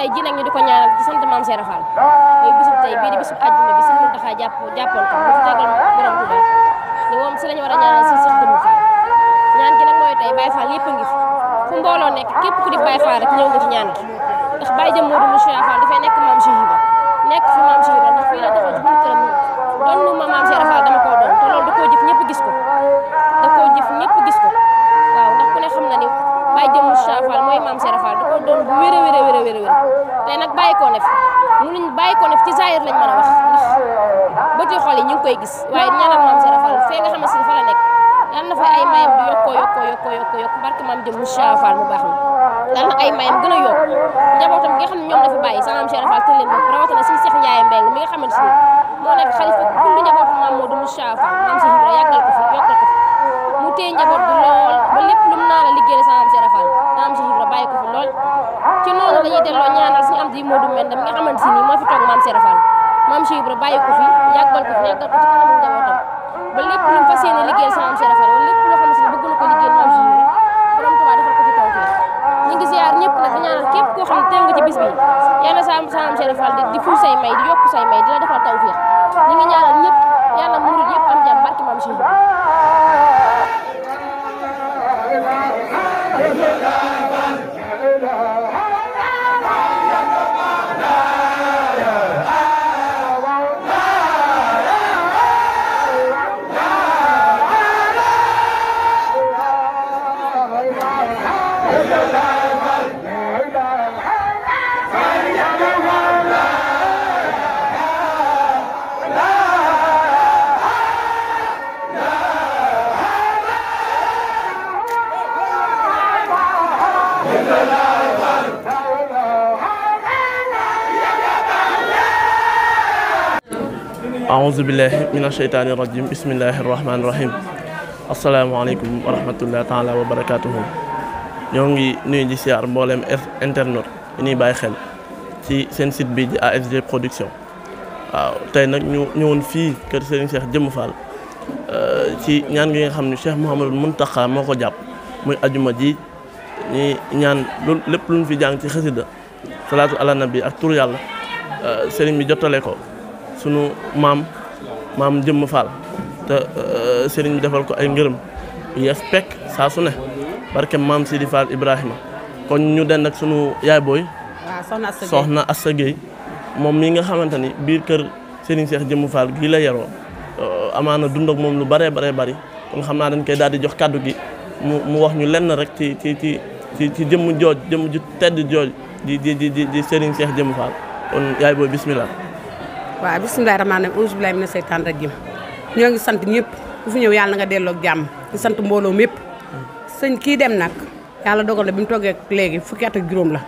tey ji nag di ko ñaanal ci sant maam Cheikh Fall muy bisub tey bii di bisub àjjuma bi Serigne Mountakha jàpp jàppoon ko mu tegal borom bu baax ni moom si la ñu war a ñaanal si Cheikh Demba Fall ñaan gi nag mooy tey Baye Fall yëpp a ngi fi fu di Baye Fall rek ñëw nga ci ñaan gi ndax Baye jëm Modou Cheikh nekk maam Cheikh Ibrahima nekk fi maam Cheikh Ibrahima ndax fii la taxaw ci buñu këram koy gis waaye ñaanal maam Sera Fall fee nga xamante ne fa la nekk yal na fa ay mayam di yokkoo yokkoo yokkoo yokkoo yokk barke maam jëm Moussa Fall mu baax mi yal na ay mayam gën a yokk njabootam gi nga xam ne ñoom la fi bàyyi sa maam Sera Fall tëj leen bopp rawatina si Cheikh Ndiaye Mbeng mi nga xamante ne moo nekk xalifa kullu njabootu maam Modou Moussa Fall maam Cheikh Ibra yàggal ko fi yokkal ko fi mu téye njaboot bi lool ba lépp lu mu naan a liggéeyal sa maam Sera Fall sa maam Cheikh Ibra bàyyi ko fi lool ci noonu la ñuy delloo ñaanal suñu am di Modou Mbendam mi nga xamante ne moo fi toog maam Sera Fall maam Cheikh Ibra bàyyi ko fi yàggal ko fi yàggal ko ci kanamu njabootam lépp bëgg ko liggéeyal maam Cheikh ko ci taw fii ñu ngi ziar na nag di ñaanal képp koo xam ne ci bis bi yàlla sa sama am Cheikh Rafal di ful say may di yokk say may di la defal taw fii ñu ngi ñaanal ñëpp yàlla murid yëpp am jàmm barki maam Cheikh ahousubillahi min asheytaani irajim bismillahi irrahmani irahim asalaamaaleykum wa rahmatullah taala wa barakatuhu ñoo ngi nuyu di siyaar mbooleem internet yi ñuy bàyyi xel ci seen site bi di ASG production waaw tey nag ñu ñëwoon fii kër Serigne Cheikh Jëmm Fall euh, ci ñaan gi nga xam ne Cheikh Mouhamadul Muntaxa moo ko jàpp muy ajuma ji ñi ñaan loolu lépp luñ fi jàng ci xasida salaatu ala nabi ak turu yàlla euh, Serigne bi jottale ko sunu mam mam jëm fall te eh, sëriñ bi defal ko ay ngërëm yes pek saa su mam barke mam Sidi Fall Ibrahima kon ñu den nak sunu yaay boy soxna Assa mom mi nga xamanteni ni biir kër Serigne Cheikh jëm Fall gi la yaro eh, amana dund ak mom lu bare bare bari kon xamna dañ koy daldi di jox kàddu gi mu mu wax ñu lenn rek ci ci ci ci ci jëmm jooj ju tedd di di di di Serigne Cheikh jëm Fall kon yaay boy bismillah waaw bisimilah rahmaani rahiim auzu billaahi mina seytaan rajim ñoo ngi sant ñëpp ku fi ñëw yàlla nga delloo ak jàmm di sant mbooloo mépp sëñ kii dem nag yàlla dogal na bi mu toogee léegi fu at ak la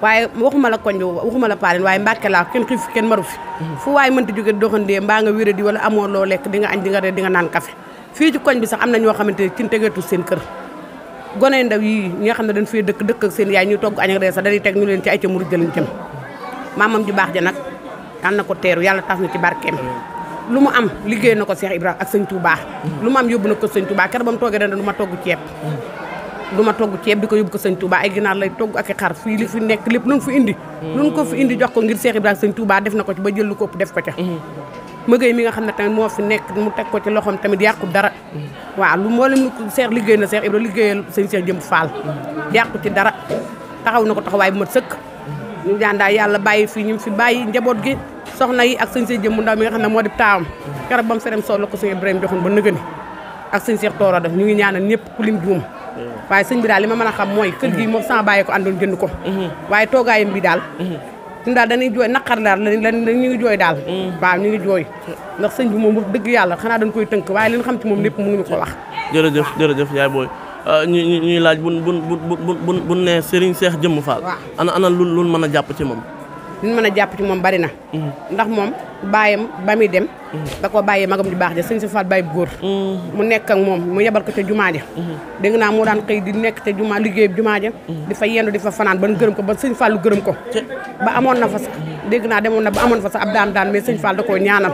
waaye waxuma la koñ waxuma la paalin waaye mbàkke laa kenn kenn maru fi fu waaye mënti jóge doxandee mbaa nga wéré di wala amoo loo lekk di nga añ dinga nga reer di nga naan café fii ci koñ bi sax am na ñoo xamante ne ci tegeetu seen kër gone ndaw yi ñi nga xam ne dañ fee dëkk dëkk ak seen yaay ñu togg añ ak reer sax dañuy teg ñu leen ci ay ca murid jëliñ jëm maamam ju baax ja nag yàlla na ko teeru yàlla taas nga ci barkeem lu mu am liggéey na ko Cheikh Ibrahima ak sëñ Touba mm. lu mu am yóbbu na ko sëñ Touba keroog ba mu toogee dana du ma togg ceeb mm. du ma togg ceeb di ko yóbbu ko sëñ Touba ay ginaar lay togg ak i xar fii li fi nekk lépp lu mu indi mm. lu mu ko fi indi jox ko ngir Cheikh Ibrahima sëñ Touba def na ko ci ba jël lu ko ëpp def ko ca mëgëy mi nga xam ne tamit moo fi nekk mu teg ko ci loxoom tamit yàqu dara waaw lu moo leen Cheikh liggéey na Cheikh Ibrahima liggéeyal sëñ Cheikh Jëmb Fall yàqu ci dara taxaw na ko taxawaay bu mat sëkk ñu ñaan daal yàlla bàyyi fii ñu fi bàyyi njaboot gi soxna yi ak sëñ Cheikh jëmbu ndaw mi nga xam ne moo di taawam keroog ba mu serem sol la ko sëñ Ibrahima joxoon ba nëgëni ak sëñ Cheikh toora def ñu ngi a ñëpp ku lim juum waaye sëñ bi daal li ma mën a xam mooy kër gi moom a bàyyi ko àndoon jënd ko waaye toogaayam bi daal ñun daal dañuy jooy naqar daal lan ñu ngi jooy daal waaw ñu ngi jooy ndax sëñ bi moom wax dëgg yàlla xanaa dañ koy tënk waaye li xam ci moom lépp mënuñu Euh, ñuy ñuy laaj bu bu bu bu bu nee Serigne Cheikh Jëmm Fall. ana ana lu lu mën a jàpp ci moom. li mën a jàpp ci moom bari na. Mhm. ndax moom baayam ba muy dem. Mhm. da ko bàyyee magam di baax ja sëñ si Fall bàyyi góor. Mhm. mu nekk ak moom mu yebal ko ca jumaa ja. dégg naa moo daan xëy di nekk ca jumaa liggéey jumaa ja. di fa yendu di fa fanaan ba gërëm ko ba sëñ Fall gërëm ko. ba amoon na fa sax dégg naa demoon na ba amoon fa sax ab daan daan mais sëñ Fall da koo ñaanal.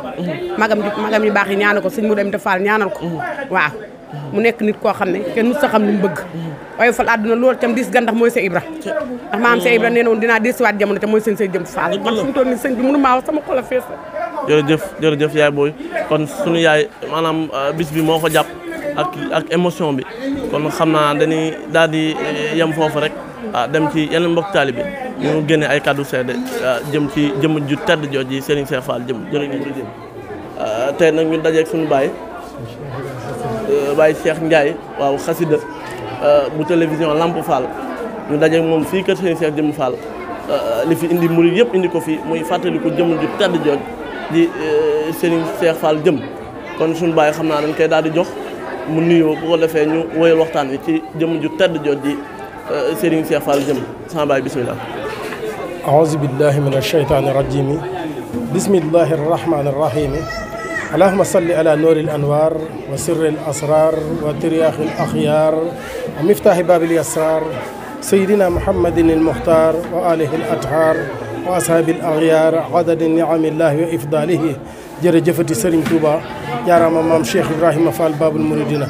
magam di magam yu baax yi ñaanal ko sëñ mu dem te Fall ñaanal ko waaw. mu nekk nit koo xam ne kenn mës sa xam li mu bëgg waaye fal àdduna loolu itam diis gan ndax mooy sa ibra ndax maam sa ibra nee na woon dinaa diisiwaat jamono te mooy seen say jëm faal man fu mu toll ni sëñ jërëjëf jërëjëf yaay booy kon sunu yaay maanaam euh, bis bi moo ko jàpp ak ak émotion bi kon xam naa dañuy daal di euh, yem foofu rek ah, dem ci yeneen mbokk taalibe bi ñu génne ay kàddu seede euh, jëm ci jëm ju tedd jooji Serigne Cheikh Fall jëm jërëjëf tey nag ñu dajeeg suñu baay Euh, Baye Cheikh Ndiaye waaw xasida euh, bu télévision Lamp Fall ñu daje moom fii kër Serigne Cheikh Jëmm Fall euh, li fi indi murid yëpp indi ko fi muy fàttaliku jëmm ju tedd jooj di Serigne Cheikh Fall jëm kon suñu bàyyi naa dañ koy daal di jox mu ñu woyal waxtaan wi ci jëmm ju tedd jooj di Serigne Cheikh Fall jëm sama baay bisimilah aouzu billahi min alsheytaani rajimi bismillahi arrahmani arrahimi اللهم صل على نور الأنوار وسر الأسرار وترياخ الأخيار ومفتاح باب اليسار سيدنا محمد المختار وآله الأطهار وأصحاب الأغيار عدد نعم الله وإفضاله jërëjëfati Serigne توبا يا رام Cheikh شيخ ابراهيم Babul باب mbokk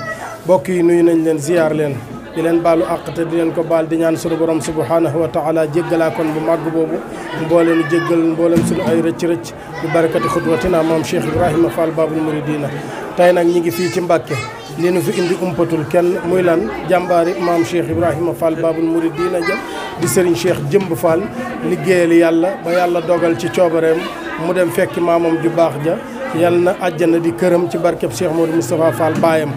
بوكي nuyu nañ leen di leen baalu àq te di leen ko baal di ñaan sunu borom subhanahu wa taala jéggalaa kon bu màgg boobu mboole nu jéggal mboolem sunu ay rëcc-rëcc bi barakati xudwatina maam Cheikh Ibrahima Fall Babul Muridina tey nag ñi ngi fii ci Mbàkke li nu indi umpatul kenn muy lan jàmbaari maam Cheikh Ibrahima Fall Babul Muridina jëm di Serigne Cheikh Jëmb Fall liggéeyal yàlla ba yàlla dogal ci coobareem mu dem fekki maamam ju baax ja yàlla na àjjana di këram ci barkeb Cheikh Modou Moustapha Fall baayam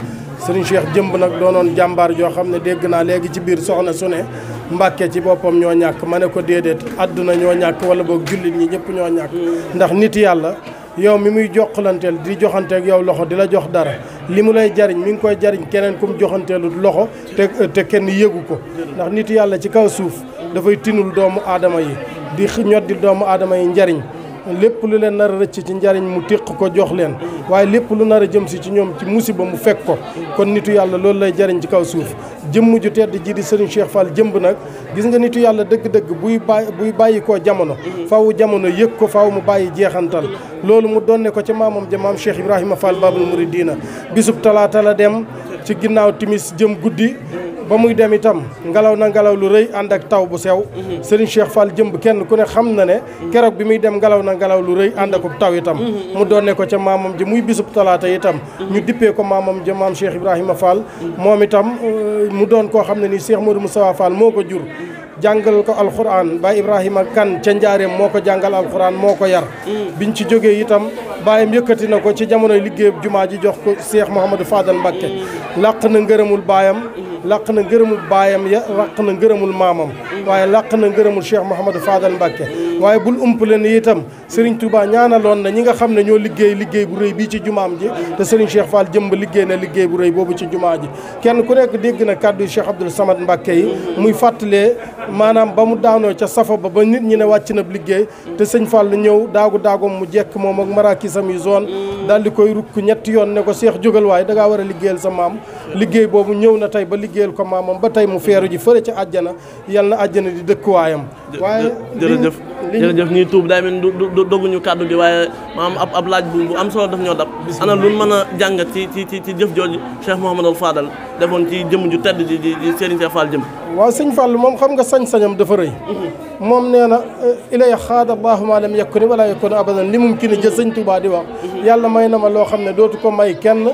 sëriñ Cheikh jëmb nag doonoon jàmbaar joo xam ne dégg naa léegi ci biir soxna su ne mbàkke ci boppam ñoo ñàkk ma ne ko déedéet àdduna ñoo ñàkk wala boog jullit ñi ñëpp ñoo ñàkk mm. ndax nit yàlla yow mi muy joxlanteel di joxanteeg yow loxo di la jox dara li mu lay jariñ mi ngi koy jariñ keneen kom joxanteelu loxo te te kenn yégu ko ndax nit yàlla ci kaw suuf dafay tinul doomu aadama yi di ñoddil doomu aadama yi njariñ lépp lu leen nar a rëcc ci njariñ mu téq ko jox leen waaye lépp lu nar a jëm si ci ñoom ci musiba mu fekk ko kon nitu yàlla loolu lay jariñ ci kaw suuf jëmm ju tedd ji di sëriñ Cheikh fal jëmb nag gis nga nitu yàlla dëgg-dëgg buy bàyyi buy bàyyi koo jamono fawu jamono yëg ko faw mu bàyyi jeexantal loolu mu donne ko ca maamam ja maam Cheikh Ibrahima Fall Babul Mouridina bisub talaata la dem ci ginnaaw timis jëm guddi ba muy dem itam ngelaw na ngelaw lu rëy ànd ak taw bu sew mhm. Serigne Cheikh Fall jëmb kenn ku ne xam na ne mhm. keroog bi muy dem ngelaw na ngelaw lu rëy ànd ak taw itam mhm. mu doone ko ca maamam ji muy bisub talaata itam ñu dippee ko maamam ji maam Cheikh Ibrahima Fall moom itam euh, mu doon koo xam ne ni Cheikh Modou Moustapha Fall moo ko jur jàngal ko alxuraan ba Ibrahima kan ca njaareem moo ko jàngal alxuraan moo ko yar biñ ci jógee itam baayam yëkkati na ko ci jamonoy liggéeyub jumaa ji jox ko Cheikh Mouhamadou Fadal Mbacké làq لقنا نجرم بايم لقنا نجرم المامم ويا لقنا نجرم الشيخ محمد فاضل بكي waaye bul leen ni itam Serigne Touba ñaanaloon na ñi nga xam ne ñoo liggéey liggéey bu rëy bii ci jumaam ji te Serigne Cheikh Fall jëmb liggéey na liggéey bu rëy boobu ci jumaa ji kenn ku nekk dégg na kàddu Cheikh Abdoul Samad Mbacké yi muy fàttalee maanaam ba mu daanoo ca safa ba ba nit ñi ne wàcc na liggéey te sëñ Fall ñëw daagu daagoom mu jekk moom ak maraakisam yu zone daal di koy rukk ñett yoon ne ko Cheikh jógal waaye dangaa war a liggéeyal sa maam liggéey boobu ñëw na tey ba liggéeyal ko maamam ba tey mu feeru ji fële ca àjjana yal na àjjana di dëkkuwaayam waaye jërëjëf ñuy tuub day mel du dogguñu kàddu gi waaye maanaam ab ab laaj bu am solo daf ñoo dab ana lu man a jàngat ci ci ci jëf jooju Cheikh Mouhamadou Fadal defoon ci jëm ju tedd ji ji Serigne Cheikh Fall jëm waaw sëñ Fall moom xam nga sañ-sañam dafa rëy mhm. moom nee na eh, ilay xaada allahu ma lam yakuni wala yakun abadan li mum ki ne jël sëñ Touba di wax mhm. yàlla ma loo xam ne dootu ko may kenn mhm.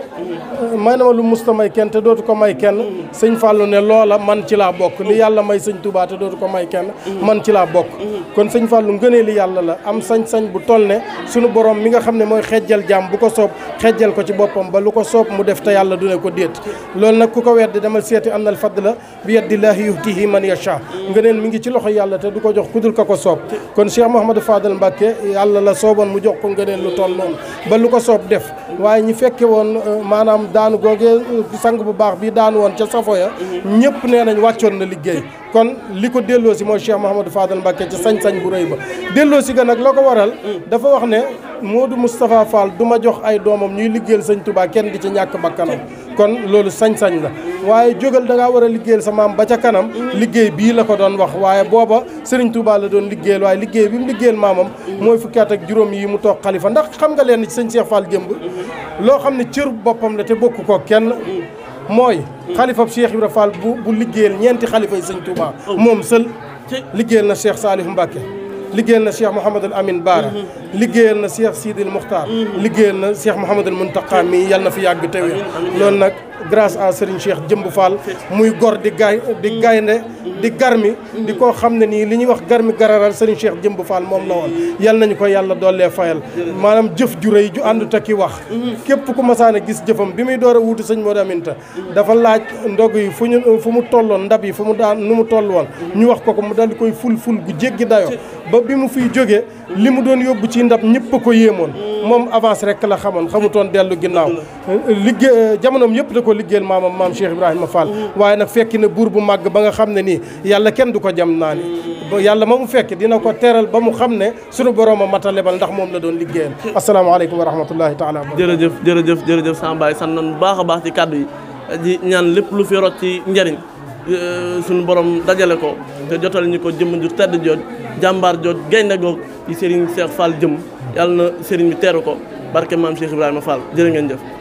eh, may na ma lu musta may kenn te dootu ko may kenn sëñ Fall ne loola man ci laa bokk li yàlla may sëñ Touba te dootu ko may kenn man ci laa bokk kon sëñ loolu ngëneeli yàlla la am sañ-sañ bu toll ne sunu borom mi nga xam ne mooy xejjal jaam bu ko soob xejjal ko ci boppam ba lu ko soob mu def te yàlla du ne ko déet loolu nag ku ko weddi demal seeti annal fadla bi yaddillahi yuhtihi man yasha ngëneel mi ngi ci loxo yàlla te du ko jox kudul ka ko ko soob kon Cheikh Mouhamadou Fadal Mbacke yàlla la sooboon mu jox ko ngëneel lu toll noonu ba lu ko soob def waaye ñi fekke woon euh, maanaam daanu googee sang bu baax bi daanu woon ca safo ya ñëpp nee nañ wàccoon na liggéey kon li ko delloo si mooy Cheikh Mouhamadou Fadal Mbacké ci sañ-sañ bu rëy ba delloo si ga nag la ko waral dafa wax ne Modou Moustapha Fall du ma jox ay doomam ñuy liggéeyal sëñ Touba kenn di ci ñàkk bakkanam kon loolu sañ-sañ la waaye jógal da ngaa war a liggéeyal sa maam ba ca kanam liggéey bii la ko doon wax waaye booba Serigne Touba la doon liggéeyal waaye liggéey bi mu liggéeyal maamam mooy fukki at ak juróom yi mu toog xalifa ndax xam nga leen ci sëñ Cheikh Fall jëmb loo xam ne cër boppam la te bokk ko kenn moy khalifa Cheikh ibrahim Fall bu liguel ñenti khalifa seigne Touba mom seul liguel na Cheikh salih mbake liguel na Cheikh mohammed al Amin Baara liguel na Cheikh Sidil mukhtar liguel na Cheikh mohammed al muntaqami yàlla fi yag tewi lool nak grâce à Serigne Cheikh Jëmb Fall muy gor di gaay di gaynde di garmi di koo xam ne nii li ñuy wax garmi gararal Serigne Cheikh Jëmb Fall moom la woon yal nañu ko yàlla doolee fayal maanaam jëf ju rëy ju ànd ki wax képp ku masaana gis jëfam bi muy door a wuutu sëñ Modou Aminta dafa laaj ndog yi fu ñu fu mu tolloon ndab yi fu mu daan nu mu toll woon ñu wax ko ko mu dal di koy ful ful gu jéggi dayo ba bi mu fiy jógee li mu doon yóbbu ci ndab ñëpp ko yéemoon moom avance rek la xamoon xamutoon dellu ginnaaw liggéey jamonoom yëpp ko liggéeyal maamam maam Cheikh Ibrahima Fall waaye nag fekki na buur bu màgg ba nga xam ne ni yàlla kenn du ko jam naa ni yàlla ma mu fekk dina ko teral ba mu xam ne sunu borom a matalebal ndax moom la doon liggéeyal asalaamaaleykum wa rahmatullahi taala jërëjëf jërëjëf jërëjëf Sambaay sant nañu bu baax a baax ci kàddu yi di ñaan lépp lu fi rot ci njëriñ euh, sunu borom dajale ko te jotal ñu ko jëmm ju tedd jooj jàmbaar jooj gaynde goog yi Serigne Cheikh Fall jëm yàlla na Serigne bi teeru ko barke maam Cheikh Ibrahima Fall jërë